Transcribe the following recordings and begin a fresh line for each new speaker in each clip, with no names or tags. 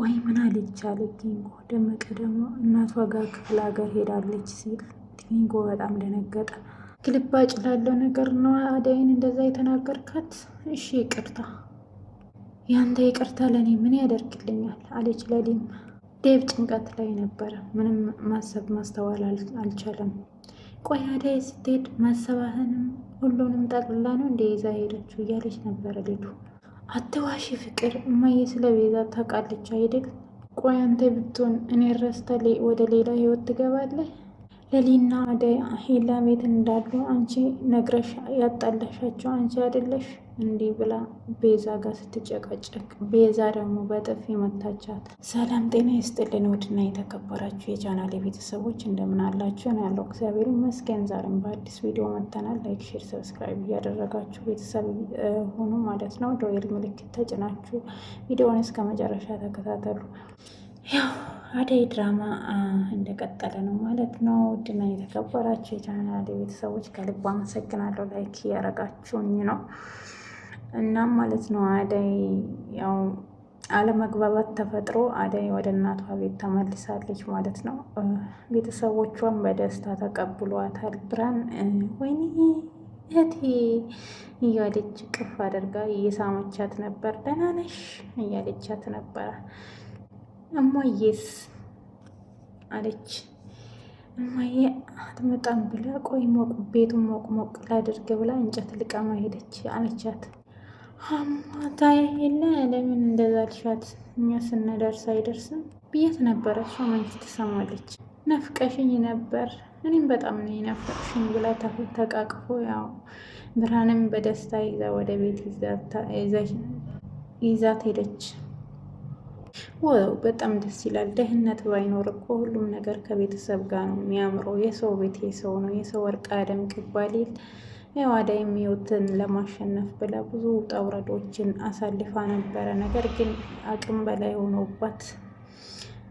ቆይ ምን አለች አለ ጊንጎ። ደመቀ ደግሞ እናቷ ጋር ክፍለ ሀገር ሄዳለች ሲል ጊንጎ በጣም ደነገጠ። ግልባጭ ላለው ነገር ነው አደይን እንደዛ የተናገርካት? እሺ ይቅርታ። ያንተ ይቅርታ ለእኔ ምን ያደርግልኛል? አለች ለሊም። ዴቭ ጭንቀት ላይ ነበረ። ምንም ማሰብ ማስተዋል አልቻለም። ቆይ አደይ ስትሄድ ማሰባህንም ሁሉንም ጠቅላ ነው እንደ ይዛ ሄደችው እያለች ነበረ ልጁ አትዋሺ ፍቅር እማዬ ስለ ቤዛ ታውቃለች አይደል? ቆይ አንተ ብትሆን እኔ ረስተሌ ወደ ሌላ ህይወት ትገባለህ። ለሊና አደይ ሄላ ቤት እንዳሉ አንቺ ነግረሽ ያጣላሻቸው አንቺ አይደለሽ? እንዲህ ብላ ቤዛ ጋር ስትጨቃጨቅ ቤዛ ደግሞ በጥፊ መታቻት። ሰላም ጤና ይስጥልን ውድና የተከበራችሁ የቻናል የቤተሰቦች እንደምን አላችሁ? ነው ያለው እግዚአብሔር ይመስገን። ዛሬም በአዲስ ቪዲዮ መጥተናል። ላይክ፣ ሼር፣ ሰብስክራይብ እያደረጋችሁ ቤተሰብ ሆኑ ማለት ነው። ደወል ምልክት ተጭናችሁ ቪዲዮውን እስከ መጨረሻ ተከታተሉ። ያው አደይ ድራማ እንደቀጠለ ነው ማለት ነው። ውድና የተከበራችሁ የቻናል ቤተሰቦች ከልብ አመሰግናለሁ። ላይክ እያረጋችሁኝ ነው እናም ማለት ነው አደይ ያው አለመግባባት ተፈጥሮ አደይ ወደ እናቷ ቤት ተመልሳለች ማለት ነው። ቤተሰቦቿን በደስታ ተቀብሏታል። ብራን ወይኔ እህቴ እያለች ቅፍ አድርጋ እየሳመቻት ነበር። ደህና ነሽ እያለቻት ነበረ። እማዬስ አለች። እማዬ አትመጣም ብላ ቆይ ሞቅ ቤቱን ሞቅ ሞቅ ላድርግ ብላ እንጨት ልቃማ ሄደች አለቻት። አማታይ የለ ለምን እንደዛ ልሻት እኛ ስንደርስ አይደርስም ብየት ነበረ። እሷ መንች ትሰማለች። ነፍቀሽኝ ነበር እኔም በጣም ነው የናፈቅሽኝ ብላ ተቃቅፎ ያው ብርሃንም በደስታ ይዛ ወደ ቤት ይዛት ሄደች። ወው በጣም ደስ ይላል። ደህንነት ባይኖር እኮ ሁሉም ነገር ከቤተሰብ ጋር ነው የሚያምረው። የሰው ቤት የሰው ነው፣ የሰው ወርቅ አደም ይባላል። ያው የሚወትን ለማሸነፍ ብላ ብዙ ጠውረዶችን አሳልፋ ነበረ። ነገር ግን አቅም በላይ ሆኖባት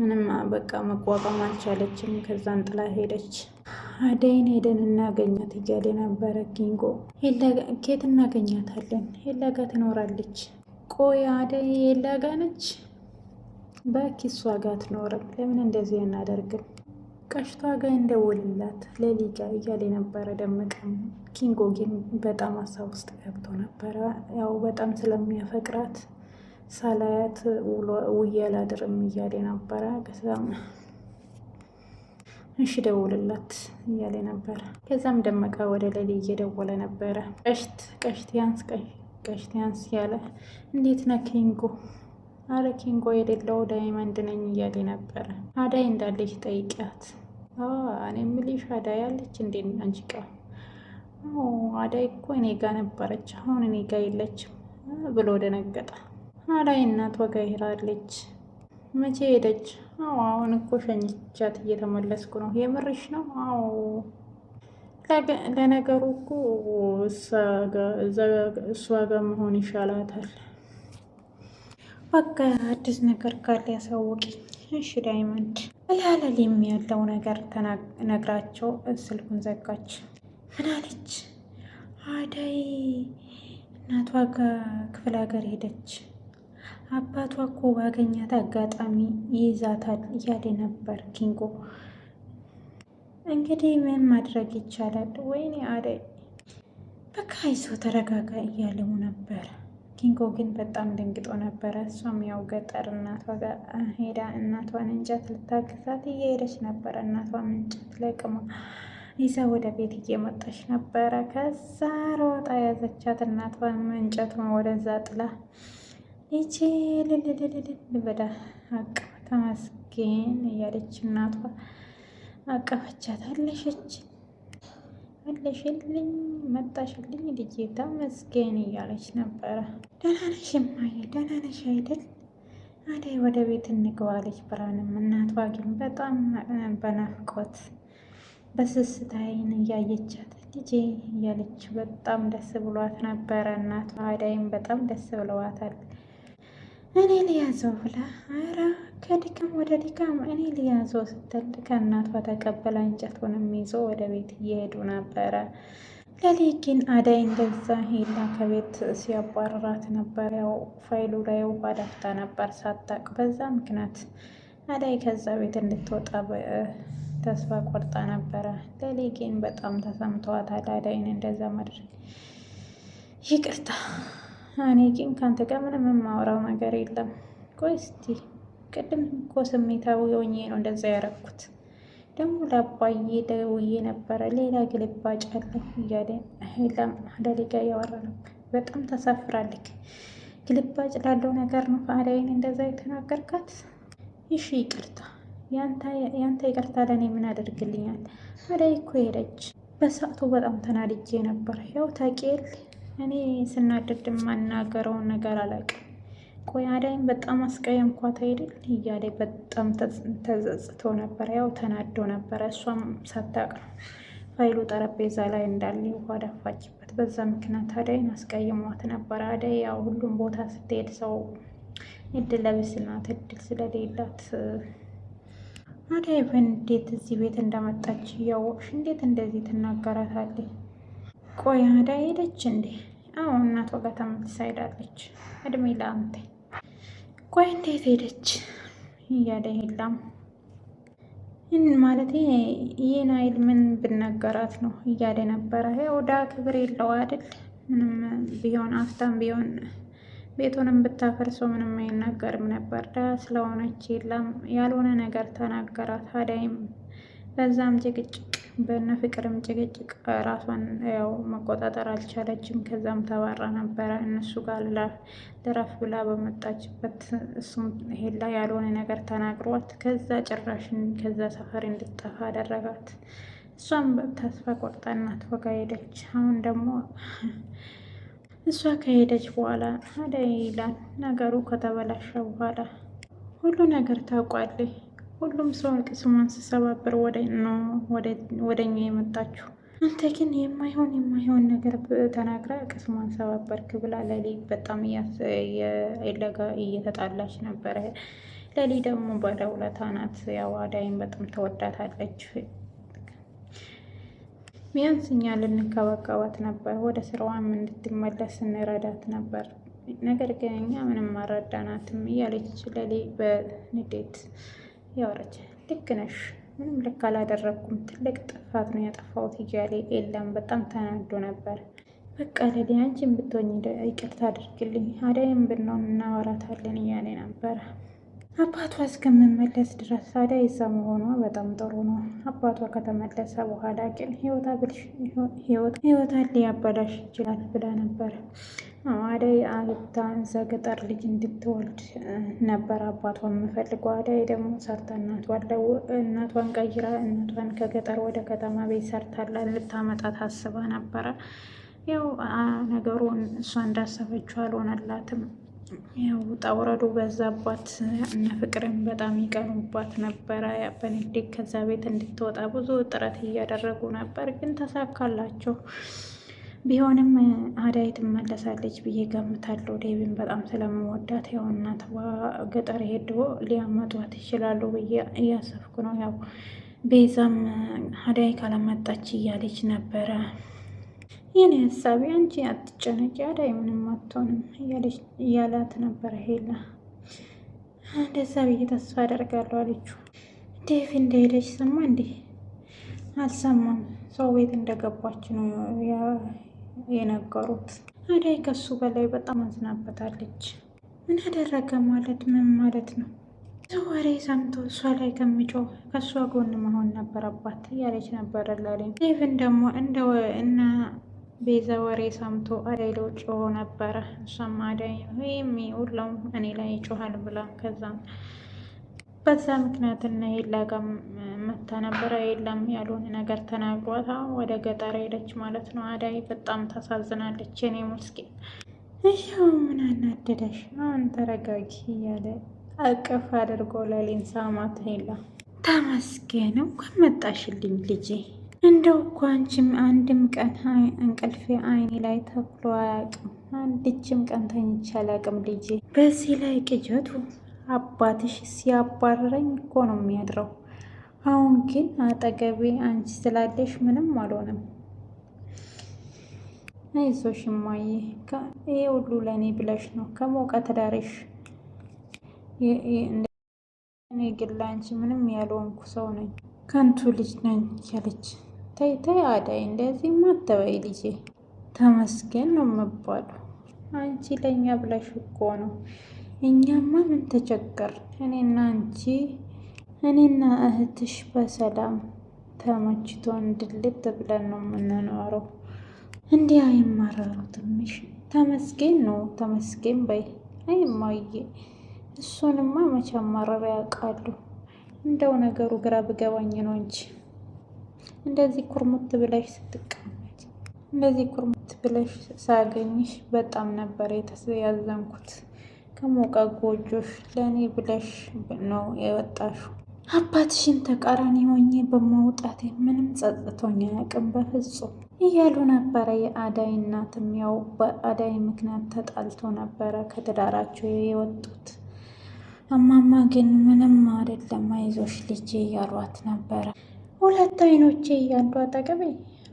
ምንም በቃ መቋቋም አልቻለችም። ከዛን ጥላ ሄደች። አደይን ሄደን እናገኛት እያለ ነበረ ኪንጎ። ኬት እናገኛታለን? ሄላ ትኖራለች። ቆይ አደይ የላጋ ነች? በኪሷ ጋ ትኖርም። ለምን እንደዚህ እናደርግን ቀሽቷ ጋር እንደውልላት ለሊጋ እያለ ነበረ። ደመቀም ኪንጎ ግን በጣም ሀሳብ ውስጥ ገብቶ ነበረ። ያው በጣም ስለሚያፈቅራት ሳላያት ውዬ አላድርም እያለ ነበረ። ከዛም እሺ ደውልላት እያለ ነበረ። ከዛም ደመቀ ወደ ሌሊ እየደወለ ነበረ። ቀሽት ቀሽት ያንስ ቀሽት ያንስ ያለ እንዴት ነህ ኪንጎ አረ ኪንጎ የሌለው ዳይመንድ ነኝ እያለ ነበረ። አዳይ እንዳለች ጠይቂያት። እኔ የምልሽ አዳይ አለች እንዴ አንቺ ጋ? አዳይ እኮ እኔ ጋ ነበረች፣ አሁን እኔ ጋ የለችም ብሎ ደነገጠ። አዳይ እናት ወጋ ይሄዳለች። መቼ ሄደች? አዎ አሁን እኮ ሸኝቻት እየተመለስኩ ነው። የምርሽ ነው? አዎ ለነገሩ እኮ እሷ ጋ መሆን ይሻላታል በቃ አዲስ ነገር ካለ ያሳውቂኝ። እሺ ዳይመንድ እላለሌም የሚያለው ነገር ነግራቸው ስልኩን ዘጋች። ምናለች አዳይ እናቷ ክፍለ ሀገር ሄደች። አባቷ እኮ ባገኛት አጋጣሚ ይይዛታል እያለ ነበር ኪንጎ። እንግዲህ ምን ማድረግ ይቻላል? ወይኔ አዳይ በቃ ይዞ ተረጋጋ እያለው ነበር ኪንጎ ግን በጣም ደንግጦ ነበረ። እሷም ያው ገጠር እናቷ ጋር ሄዳ እናቷን እንጨት ልታግዛት እየሄደች ነበረ። እናቷም እንጨት ለቅማ ይዛ ወደ ቤት እየመጣች ነበረ። ከዛ ሮጣ ያዘቻት እናቷን እንጨቱን ወደዛ ጥላ ይቺ ልልልልልል በዳ አቅፍ ተመስገን እያለች እናቷ አቀፈቻት አለሽልኝ መጣሽልኝ ልጄ ተመስገን እያለች ነበረ። ደህና ነሽ እማዬ፣ ደህና ነሽ አይደል? አደይ ወደ ቤት እንግባለች። ብርሃንም እናቷ ግን በጣም በናፍቆት በስስት ዓይን እያየቻት ልጄ እያለች በጣም ደስ ብሏት ነበረ። እናቷ አደይም በጣም ደስ ብለዋታል። እኔ ሊያዘው ብላ ኧረ ከድካም ወደ ድካም እኔ ሊያዘው ስትል ከእናቷ ተቀበላ እንጨቱንም ይዞ ወደ ቤት እየሄዱ ነበረ። ለሌ ግን አደይ እንደዛ ሄላ ከቤት ሲያባረራት ነበር። ያው ፋይሉ ላይ ውሃ ደፍታ ነበር ሳታቅ። በዛ ምክንያት አደይ ከዛ ቤት እንድትወጣ ተስፋ ቆርጣ ነበረ። ለሌ ግን በጣም ተሰምተዋታል አደይን እንደዛ ማድረግ ይቅርታ እኔ ግን ከአንተ ጋር ምንም የማወራው ነገር የለም። ቆይ እስቲ ቅድም እኮ ስሜታዊ ሆኜ ነው እንደዛ ያረኩት። ደግሞ ለአባዬ ደውዬ ነበረ ሌላ ግልባጭ አለ እያለ ሄላም እያወራ ነበር። በጣም ተሳፍራለች። ግልባጭ ላለው ነገር ነው ፋዳይን እንደዛ የተናገርካት? እሺ ይቅርታ። ያንተ ይቅርታ ለእኔ ምን አደርግልኛል? ፋዳይ እኮ ሄደች። በሰዓቱ በጣም ተናድጄ ነበር። ያው ታውቂ እኔ ስናደድ የማናገረው ነገር አላውቅም። ቆይ አዳይም በጣም አስቀየምኳት አይደል እያለ በጣም ተጸጽቶ ነበረ። ያው ተናዶ ነበረ። እሷም ሳታቅ ነው ፋይሉ ጠረጴዛ ላይ እንዳለ ውሃ ዳፋችበት። በዛ ምክንያት አዳይን አስቀይሟት ነበረ። አዳይ ያው ሁሉም ቦታ ስትሄድ ሰው እድል ለቢስ ናት። እድል ስለሌላት አዳይ እንዴት እዚህ ቤት እንደመጣች እያወቅሽ እንዴት እንደዚህ ትናገራታለች? ቆይ አዳይ ሄደች እንዴ? አዎ እናቷ ጋር ተመልሳ ሄዳለች። እድሜ ለአንተ። ቆይ እንዴት ሄደች? እያለ የላም ማለት ይህን አይል ምን ብነገራት ነው እያደ ነበረ። ወዳ ክብር የለው አይደል? ምንም ቢሆን አፍታም ቢሆን ቤቱንም ብታፈርሶ ምንም አይናገርም ነበር። ዳ ስለሆነች የላም ያልሆነ ነገር ተናገራት። አዳይም በዛም ጭቅጭቅ በነ ፍቅርም ጭቅጭቅ ራሷን ያው መቆጣጠር አልቻለችም። ከዛም ተባራ ነበረ እነሱ ጋር ልረፍ ብላ በመጣችበት እሱም ሄላ ያልሆነ ነገር ተናግሯት ከዛ ጭራሽን ከዛ ሰፈር እንድጠፋ አደረጋት። እሷም ተስፋ ቆርጣ እናቷ ሄደች። አሁን ደግሞ እሷ ከሄደች በኋላ አደይ ይላል ነገሩ ከተበላሸ በኋላ ሁሉ ነገር ታውቋል። ሁሉም ሰው ቅስሟን ስሰባብር ወደኛ የመጣችሁ አንተ ግን የማይሆን የማይሆን ነገር ተናግራ ቅስሟን ሰባበርክ ብላ ለሊ በጣም ኤላ እየተጣላች ነበረ። ለሊ ደግሞ ባለውለታ ናት። ያው በጣም ተወዳታለች። ቢያንስ እኛ ልንከባከባት ነበር፣ ወደ ስራዋም እንድትመለስ እንረዳት ነበር። ነገር ግን እኛ ምንም አረዳናትም እያለች ለሊ በንዴት ያወራች ልክ ነሽ፣ ምንም ልክ አላደረግኩም፣ ትልቅ ጥፋት ነው ያጠፋሁት እያለ የለም በጣም ተናዶ ነበር። በቃ ለዲ አንቺን ብትሆኝ ይቅርታ አድርግልኝ፣ አዳይም ብናውን እናወራታለን እያለ ነበር። አባቷ እስከምመለስ ድረስ አዳይ እዛ መሆኗ በጣም ጥሩ ነው። አባቷ ከተመለሰ በኋላ ግን ህይወታ ብልሽ ህይወታ ሊያበላሽ ይችላል ብላ ነበር አደይ አግብታን ገጠር ልጅ እንድትወልድ ነበር አባቷ የምፈልገው። አደይ ደግሞ ሰርታ እናቷለው እናቷን ቀይራ እናቷን ከገጠር ወደ ከተማ ቤት ሰርታላ ልታመጣ ታስባ ነበረ። ያው ነገሩን እሷ እንዳሰበችው አልሆነላትም። ያው ጠውረዱ በዛባት እነ ፍቅርን በጣም ይቀኑባት ነበረ። በንዴት ከዛ ቤት እንድትወጣ ብዙ ጥረት እያደረጉ ነበር፣ ግን ተሳካላቸው። ቢሆንም አዳይ ትመለሳለች ብዬ ገምታለሁ። ዴቪን በጣም ስለምወዳት ያው እናት ገጠር ሄዶ ሊያመጧት ይችላሉ ብዬ እያሰብኩ ነው። ያው ቤዛም አዳይ ካለመጣች እያለች ነበረ። ይህን ሀሳቢ አንቺ አትጨነቂ፣ አዳይ ምንም አትሆንም እያላት ነበረ ሄላ። እንደዛ ብዬ ተስፋ አደርጋለሁ አለችው። ዴቭ እንደሄደች ሰማ እንዲህ አልሰማም። ሰው ቤት እንደገባች ነው የነገሩት። አደይ ከሱ በላይ በጣም አዝናበታለች። ምን አደረገ ማለት ምን ማለት ነው? ወሬ ሰምቶ እሷ ላይ ከሚጮ ከእሷ ጎን መሆን ነበረባት እያለች ነበረ ላሌም። ዴቭን ደግሞ እንደ እና ቤዛ ወሬ ሰምቶ አደይ ላይ ጮሆ ነበረ። እሷም አደይ ወይም ሁሉም እኔ ላይ ይጮሃል ብላ ከዛም በዛ ምክንያት እና የላ ጋር መታ ነበረ። የላም ያልሆነ ነገር ተናግሯታ ወደ ገጠር ሄደች ማለት ነው። አዳይ በጣም ታሳዝናለች። እኔ ሙስኪን እያው ምን አናደደሽ? አሁን ተረጋጊ እያለ አቅፍ አድርጎ ለሊን ሳማት። የላ ተመስገን እንኳን መጣሽልኝ ልጄ። እንደው እኮ አንቺም አንድም ቀን እንቅልፌ አይኔ ላይ ተኩሎ አያውቅም። አንድችም ቀን ተኝቼ አላውቅም ልጄ። በዚህ ላይ ቅጀቱ አባትሽ ሲያባረረኝ እኮ ነው የሚያድረው። አሁን ግን አጠገቤ አንቺ ስላለሽ ምንም አልሆነም። አይዞሽ እማዬ፣ ይሄ ሁሉ ለእኔ ብለሽ ነው ከሞቀ ትዳርሽ እኔ ግን ለአንቺ ምንም ያልሆንኩ ሰው ነኝ፣ ከንቱ ልጅ ነኝ ያለች። ተይ ተይ አዳይ፣ እንደዚህ ማተባይ ልጄ፣ ተመስገን ነው የምባለው። አንቺ ለእኛ ብለሽ እኮ ነው እኛማ ምን ተቸገር፣ እኔና አንቺ እኔና እህትሽ በሰላም ተመችቶ እንድልት ብለን ነው የምንኖረው። እንዲህ አይማረሩ ትንሽ ተመስገን ነው ተመስገን በይ። አይማዬ እሱንማ መቼ አማረር ያውቃሉ። እንደው ነገሩ ግራ ብገባኝ ነው እንጂ እንደዚህ ኩርሙት ብለሽ ስትቀመጭ፣ እንደዚህ ኩርሙት ብለሽ ሳገኝሽ በጣም ነበር ያዘንኩት። ከሞቀ ጎጆሽ ለእኔ ብለሽ ነው የወጣሹ። አባትሽን ተቃራኒ ሆኜ በመውጣቴ ምንም ጸጥቶኝ አያውቅም በፍጹም እያሉ ነበረ። የአዳይ እናትም ያው በአዳይ ምክንያት ተጣልቶ ነበረ ከትዳራቸው የወጡት። እማማ ግን ምንም አይደለም አይዞሽ ልጄ እያሏት ነበረ። ሁለት አይኖቼ እያሉ አጠገቤ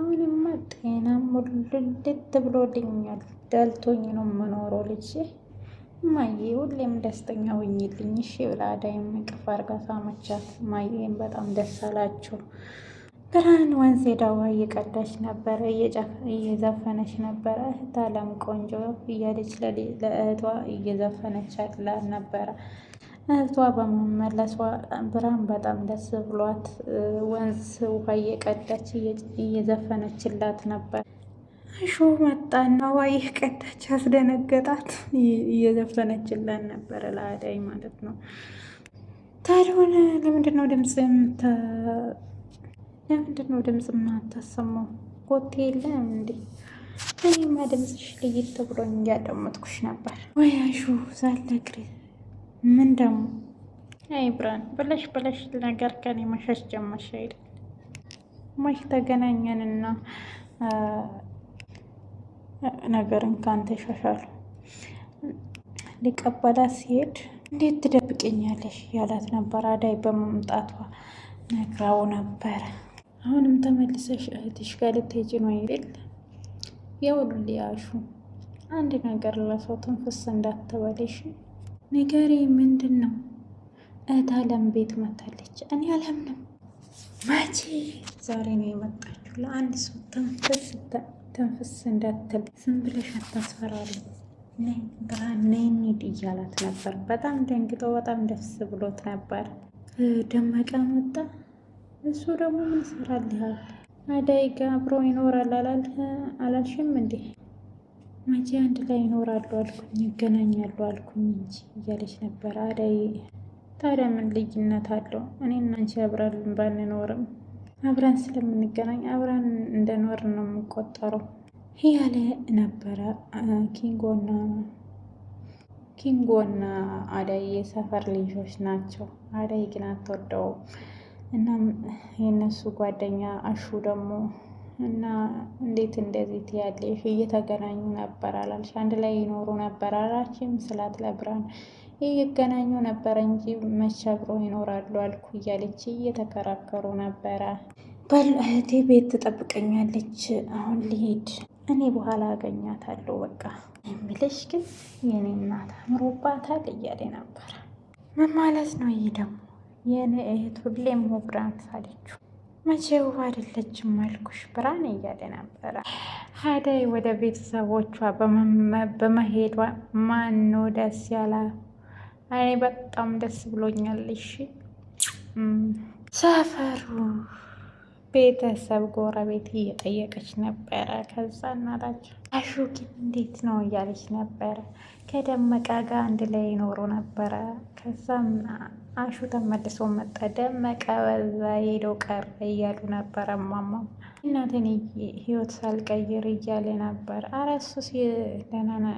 አሁንማ ጤናም ሙልልት ብሎልኛል፣ ደልቶኝ ነው የምኖረው ልጄ እማዬ ሁሌም ደስተኛ ሆኝልኝ እሺ ብላ አዳይም እቅፍ አድርጋ ሳመቻት። እማዬም በጣም ደስ አላቸው። ብርሃን ወንዝ ሄዳ እየቀዳች ነበረ፣ እየዘፈነች ነበረ። እህት አለም ቆንጆ እያለች ለእህቷ እየዘፈነቻትላት ነበረ። እህቷ በመመለሷ ብርሃን በጣም ደስ ብሏት ወንዝ ውሃ እየቀዳች እየዘፈነችላት ነበር። እሾ መጣና ዋይ ቀዳች፣ አስደነገጣት። እየዘፈነችለን ነበረ ለአዳይ ማለት ነው። ታዲያ ሆነ ለምንድን ነው ድምፅ ለምንድን ነው ድምፅ የማታሰማው? ኮቴ የለም እንዴ? እኔማ ድምፅሽ ልይት ብሎኝ እያዳመጥኩሽ ነበር። ወይ አሹ ሳለግሬ ምን ደግሞ አይ ብራን ብለሽ ብለሽ ነገር ከኔ መሸሽ ጀመርሽ አይደል? መች ተገናኘንና ነገርን እንኳን ይሻሻሉ። ሊቀበላት ሲሄድ እንዴት ትደብቅኛለሽ ያላት ነበር። አዳይ በመምጣቷ ነግራው ነበር። አሁንም ተመልሰሽ እህትሽ ጋር ልትሄጂ ነው ይል የውሉ ሊያሹ አንድ ነገር ለሰው ትንፍስ እንዳትበለሽ ነገሬ ምንድን ነው? እህት አለም ቤት መታለች። እኔ አለም ነው መቼ ዛሬ ነው የመጣችሁ ለአንድ ሰው ትንፍስ ትንፍስ እንዳትል ዝም ብለሽ አታስፈራሪ፣ ብርሃን ነይ እያላት ነበር። በጣም ደንግጦ በጣም ደስ ብሎት ነበር። ደመቀ መጣ። እሱ ደግሞ ምን ይሰራልሃል? አደይ ጋ አብሮ ይኖራል አላልሽም እንዴ? መቼ አንድ ላይ ይኖራሉ አልኩኝ፣ ይገናኛሉ አልኩኝ እንጂ እያለች ነበር አደይ። ታዲያ ምን ልዩነት አለው? እኔ እናንቺ አብረን ባንኖርም አብረን ስለምንገናኝ አብረን እንደኖር ነው የምቆጠረው ያለ ነበረ። ኪንጎና ኪንጎና አደይ የሰፈር ልጆች ናቸው። አደይ ግን አትወደውም። እናም የእነሱ ጓደኛ አሹ ደግሞ እና እንዴት እንደዚህ ትያለሽ? እየተገናኙ ነበር አላልሽ? አንድ ላይ ይኖሩ ነበር አላችም? ስላት ለብራን ይገናኙ ነበረ እንጂ መቻብሮ ይኖራሉ አልኩ እያለች እየተከራከሩ ነበረ። በል እህቴ ቤት ትጠብቀኛለች፣ አሁን ሊሄድ እኔ በኋላ አገኛታለሁ በቃ የሚለሽ ግን የኔ እናት አምሮባታል እያለ ነበረ። ምን ማለት ነው ይህ ደግሞ? የእኔ እህት ሁሌም ብራንት አለችው። መቼ ውብ አይደለችም አልኩሽ ብራን እያለ ነበረ። አደይ ወደ ቤተሰቦቿ በመሄዷ ማን ነው ደስ ያላ እኔ በጣም ደስ ብሎኛል። እሺ ሰፈሩ ቤተሰብ ጎረቤት እየጠየቀች ነበረ። ከዛ እናታቸው አሹ እንዴት ነው እያለች ነበረ። ከደመቀ ጋር አንድ ላይ ይኖሩ ነበረ። ከዛም አሹ ተመልሶ መጣ፣ ደመቀ በዛ ሄደው ቀረ እያሉ ነበረ። ማማ እናትን ህይወት ሳልቀይር እያለ ነበር። አረሱስ እሱስ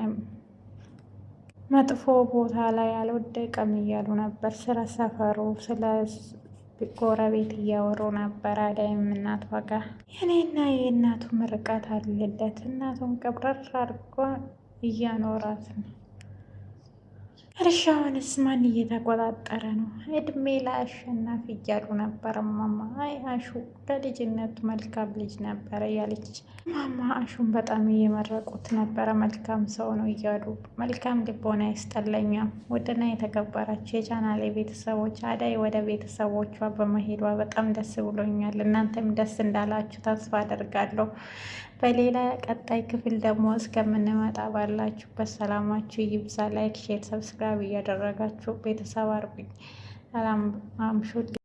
መጥፎ ቦታ ላይ አልወደቀም እያሉ ነበር። ስለ ሰፈሩ ስለ ጎረቤት እያወሩ ነበር። አዳይም እናቷ ዋጋ የኔና የእናቱ ምርቃት አለለት። እናቱን ቀብረር አድርጎ እያኖራት ነው። እርሻውንስ ማን እየተቆጣጠረ ነው? እድሜ ለአሸናፊ እያሉ ነበር ማማ አይ አሹ ለልጅነቱ መልካም ልጅ ነበረ እያለች ማማ አሹን በጣም እየመረቁት ነበረ። መልካም ሰው ነው እያሉ መልካም ልቦና አይስጠለኛም። ውድና የተከበራችሁ የቻናሌ ቤተሰቦች አዳይ ወደ ቤተሰቦቿ በመሄዷ በጣም ደስ ብሎኛል። እናንተም ደስ እንዳላችሁ ተስፋ አደርጋለሁ። በሌላ ቀጣይ ክፍል ደግሞ እስከምንመጣ ባላችሁበት ሰላማችሁ ይብዛ። ላይክ፣ ሼር፣ ሰብስክራይብ እያደረጋችሁ ቤተሰብ አርጉኝ። ሰላም አምሹልኝ።